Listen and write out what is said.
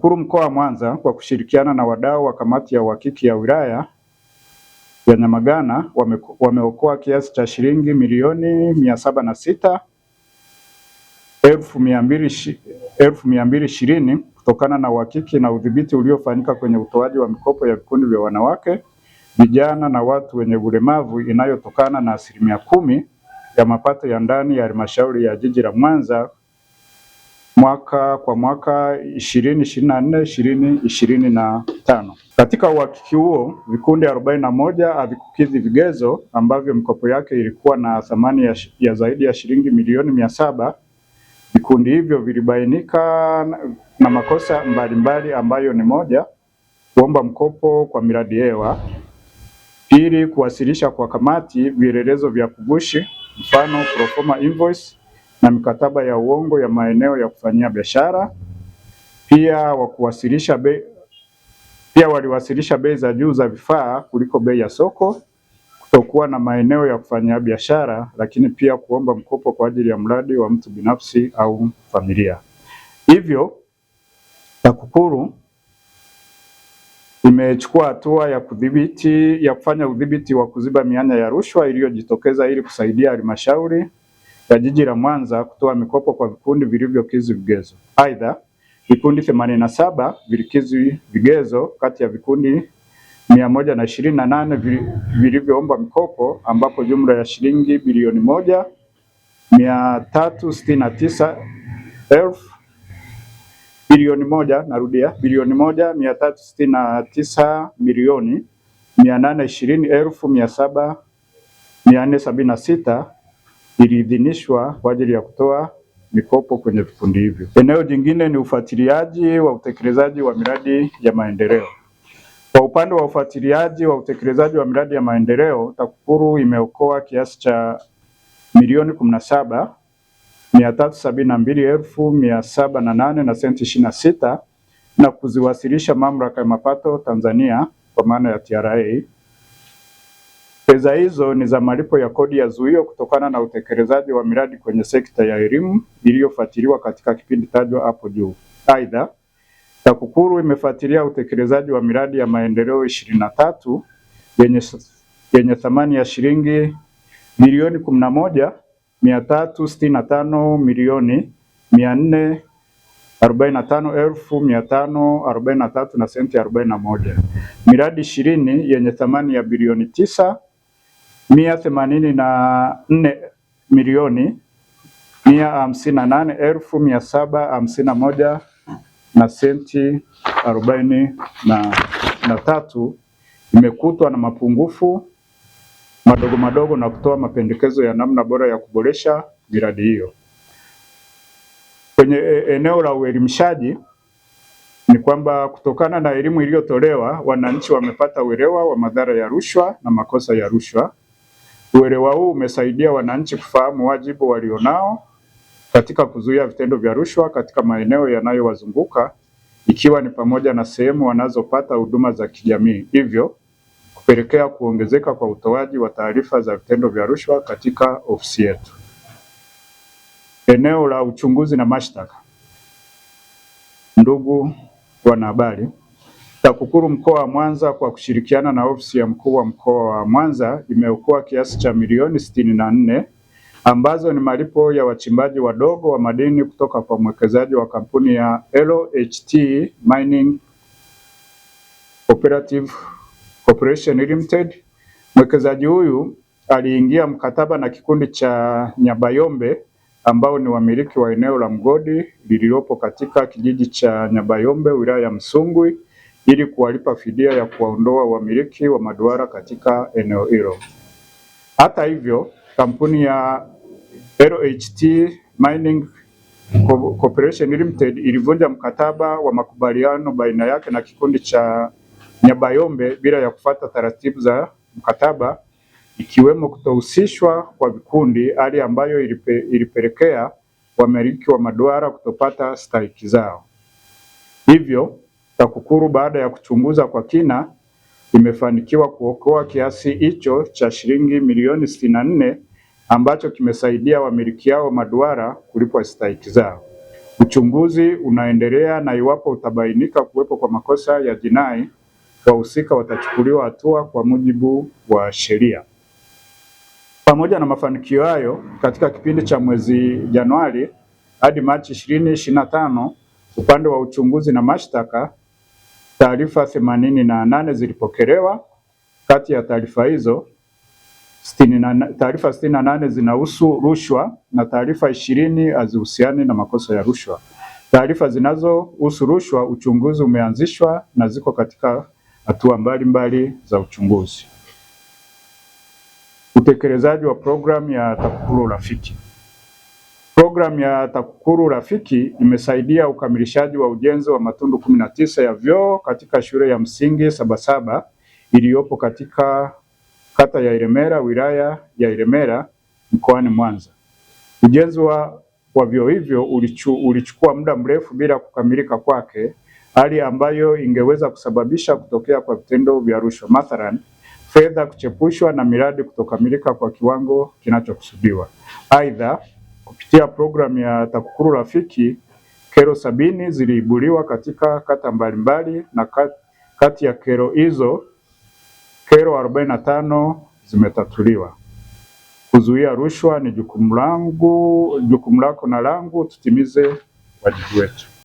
TAKUKURU mkoa wa Mwanza kwa kushirikiana na wadau wa kamati ya uhakiki ya wilaya ya Nyamagana wameokoa wame kiasi cha shilingi milioni mia saba na sita elfu mia mbili ishirini kutokana na uhakiki na udhibiti uliofanyika kwenye utoaji wa mikopo ya vikundi vya wanawake, vijana na watu wenye ulemavu inayotokana na asilimia kumi ya mapato ya ndani ya halmashauri ya jiji la Mwanza mwaka kwa mwaka 2024 2025. Katika uhakiki huo vikundi 41 havikukidhi vigezo ambavyo mikopo yake ilikuwa na thamani ya, ya zaidi ya shilingi milioni mia saba. Vikundi hivyo vilibainika na makosa mbalimbali ambayo ni moja, kuomba mkopo kwa miradi hewa; pili, kuwasilisha kwa kamati vielelezo vya kugushi, mfano proforma invoice na mikataba ya uongo ya maeneo ya kufanyia biashara. Pia kuwasilisha be... pia waliwasilisha bei za juu za vifaa kuliko bei ya soko, kutokuwa na maeneo ya kufanyia biashara, lakini pia kuomba mkopo kwa ajili ya mradi wa mtu binafsi au familia. Hivyo TAKUKURU imechukua hatua ya kudhibiti ya kufanya udhibiti wa kuziba mianya ya rushwa iliyojitokeza ili kusaidia halmashauri ya jiji la Mwanza kutoa mikopo kwa vikundi vilivyokidhi vigezo. Aidha, vikundi 87 na saba vigezo kati ya vikundi mia moja na ishirini na nane vilivyoomba mikopo ambapo jumla ya shilingi bilioni moja mia tisa elfu bilioni moja narudia, bilioni moja mia tatu sitini na tisa milioni mia nane ishirini elfu mia saba mia nne sabini na sita iliidhinishwa kwa ajili ya kutoa mikopo kwenye vikundi hivyo. Eneo jingine ni ufuatiliaji wa utekelezaji wa miradi ya maendeleo. Kwa upande wa ufuatiliaji wa utekelezaji wa miradi ya maendeleo, TAKUKURU imeokoa kiasi cha milioni kumi na saba mia tatu sabini na mbili elfu mia saba na nane na senti ishirini na sita na kuziwasilisha mamlaka ya mapato Tanzania kwa maana ya TRA Fedha hizo ni za malipo ya kodi ya zuio kutokana na utekelezaji wa miradi kwenye sekta ya elimu iliyofuatiliwa katika kipindi tajwa hapo juu. Aidha, TAKUKURU imefuatilia utekelezaji wa miradi ya maendeleo ishirini na tatu yenye, yenye thamani ya shilingi bilioni kumi na moja mia tatu sitini na tano milioni mia nne arobaini na tano elfu mia tano arobaini na tatu na senti arobaini na moja miradi ishirini yenye thamani ya bilioni tisa mia themanini na nne milioni mia hamsini na nane elfu mia saba hamsini na moja na senti arobaini na, na tatu imekutwa na mapungufu madogo madogo na kutoa mapendekezo ya namna bora ya kuboresha miradi hiyo. Kwenye e, eneo la uelimishaji ni kwamba kutokana na elimu iliyotolewa, wananchi wamepata uelewa wa madhara ya rushwa na makosa ya rushwa. Uelewa huu umesaidia wananchi kufahamu wajibu walionao katika kuzuia vitendo vya rushwa katika maeneo yanayowazunguka ikiwa ni pamoja na sehemu wanazopata huduma za kijamii, hivyo kupelekea kuongezeka kwa utoaji wa taarifa za vitendo vya rushwa katika ofisi yetu. Eneo la uchunguzi na mashtaka. Ndugu wanahabari, TAKUKURU mkoa wa Mwanza kwa kushirikiana na ofisi ya mkuu wa mkoa wa Mwanza imeokoa kiasi cha milioni sitini na nne ambazo ni malipo ya wachimbaji wadogo wa madini kutoka kwa mwekezaji wa kampuni ya LHT Mining Operative Corporation Limited. Mwekezaji huyu aliingia mkataba na kikundi cha Nyabayombe ambao ni wamiliki wa eneo la mgodi lililopo katika kijiji cha Nyabayombe wilaya ya Msungwi ili kuwalipa fidia ya kuwaondoa wamiliki wa maduara katika eneo hilo. Hata hivyo, kampuni ya LHT Mining Corporation Limited ilivunja mkataba wa makubaliano baina yake na kikundi cha Nyabayombe bila ya kufuata taratibu za mkataba ikiwemo kutohusishwa kwa vikundi, hali ambayo ilipe, ilipelekea wamiliki wa maduara kutopata stahiki zao. Hivyo TAKUKURU baada ya kuchunguza kwa kina imefanikiwa kuokoa kiasi hicho cha shilingi milioni sitini na nne ambacho kimesaidia wamiliki yao maduara kulipwa stahiki zao. Uchunguzi unaendelea na iwapo utabainika kuwepo kwa makosa ya jinai, wahusika watachukuliwa hatua kwa mujibu wa sheria. Pamoja na mafanikio hayo, katika kipindi cha mwezi Januari hadi Machi 2025 upande wa uchunguzi na mashtaka taarifa themanini na nane zilipokelewa. Kati ya taarifa hizo taarifa sitini na nane zinahusu rushwa na taarifa ishirini hazihusiani na makosa ya rushwa. Taarifa zinazohusu rushwa, uchunguzi umeanzishwa na ziko katika hatua mbalimbali za uchunguzi. Utekelezaji wa programu ya TAKUKURU Rafiki. Programu ya TAKUKURU Rafiki imesaidia ukamilishaji wa ujenzi wa matundu kumi na tisa ya vyoo katika shule ya msingi Sabasaba iliyopo katika kata ya Ilemela, wilaya ya Ilemela, mkoani Mwanza. Ujenzi wa, wa vyoo hivyo ulichu, ulichukua muda mrefu bila kukamilika kwake, hali ambayo ingeweza kusababisha kutokea kwa vitendo vya rushwa, mathalan fedha kuchepushwa na miradi kutokamilika kwa kiwango kinachokusudiwa. Aidha, Kupitia programu ya TAKUKURU Rafiki, kero sabini ziliibuliwa katika kata mbalimbali na kati ya kero hizo kero 45 zimetatuliwa. Kuzuia rushwa ni jukumu langu, jukumu lako na langu, tutimize wajibu wetu.